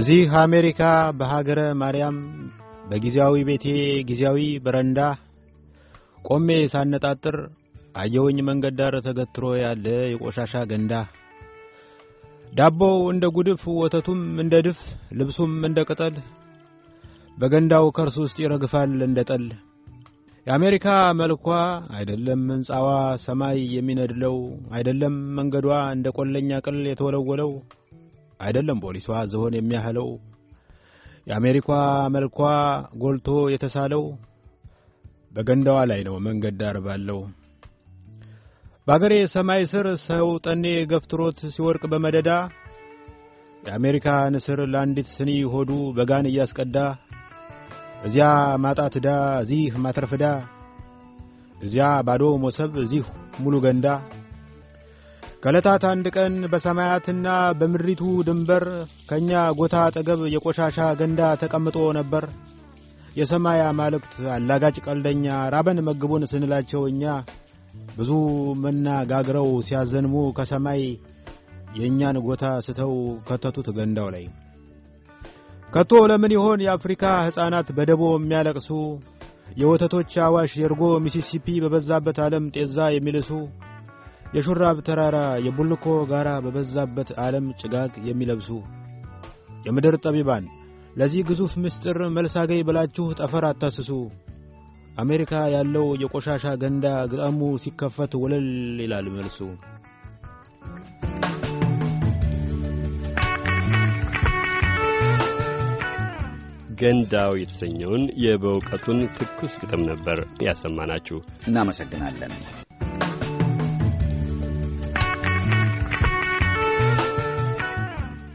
እዚህ አሜሪካ በሀገረ ማርያም በጊዜያዊ ቤቴ ጊዜያዊ በረንዳ ቆሜ ሳነጣጥር አየውኝ መንገድ ዳር ተገትሮ ያለ የቆሻሻ ገንዳ ዳቦው እንደ ጉድፍ ወተቱም እንደ ድፍ ልብሱም እንደ ቅጠል በገንዳው ከርስ ውስጥ ይረግፋል እንደ ጠል። የአሜሪካ መልኳ አይደለም ሕንፃዋ ሰማይ የሚነድለው አይደለም መንገዷ እንደ ቆለኛ ቅል የተወለወለው አይደለም ፖሊሷ ዝሆን የሚያህለው የአሜሪካ መልኳ ጎልቶ የተሳለው በገንዳዋ ላይ ነው መንገድ ዳር ባለው በአገሬ ሰማይ ስር ሰው ጠኔ ገፍትሮት ሲወርቅ በመደዳ የአሜሪካ ንስር ለአንዲት ስኒ ሆዱ በጋን እያስቀዳ እዚያ ማጣት እዚህ ማትረፍዳ እዚያ ባዶ ሞሰብ እዚህ ሙሉ ገንዳ ከዕለታት አንድ ቀን በሰማያትና በምድሪቱ ድንበር ከእኛ ጎታ አጠገብ የቆሻሻ ገንዳ ተቀምጦ ነበር። የሰማይ አማልክት አላጋጭ ቀልደኛ ራበን መግቡን ስንላቸው እኛ ብዙ መናጋግረው ሲያዘንሙ ከሰማይ የእኛን ጎታ ስተው ከተቱት ገንዳው ላይ። ከቶ ለምን ይሆን የአፍሪካ ሕፃናት በደቦ የሚያለቅሱ የወተቶች አዋሽ የርጎ ሚሲሲፒ በበዛበት ዓለም ጤዛ የሚልሱ የሹራብ ተራራ የቡልኮ ጋራ በበዛበት ዓለም ጭጋግ የሚለብሱ የምድር ጠቢባን ለዚህ ግዙፍ ምስጢር መልስ አገኝ ብላችሁ ጠፈር አታስሱ። አሜሪካ ያለው የቆሻሻ ገንዳ ግጣሙ ሲከፈት ወለል ይላል መልሱ። ገንዳው የተሰኘውን የበእውቀቱን ትኩስ ግጥም ነበር ያሰማናችሁ። እናመሰግናለን።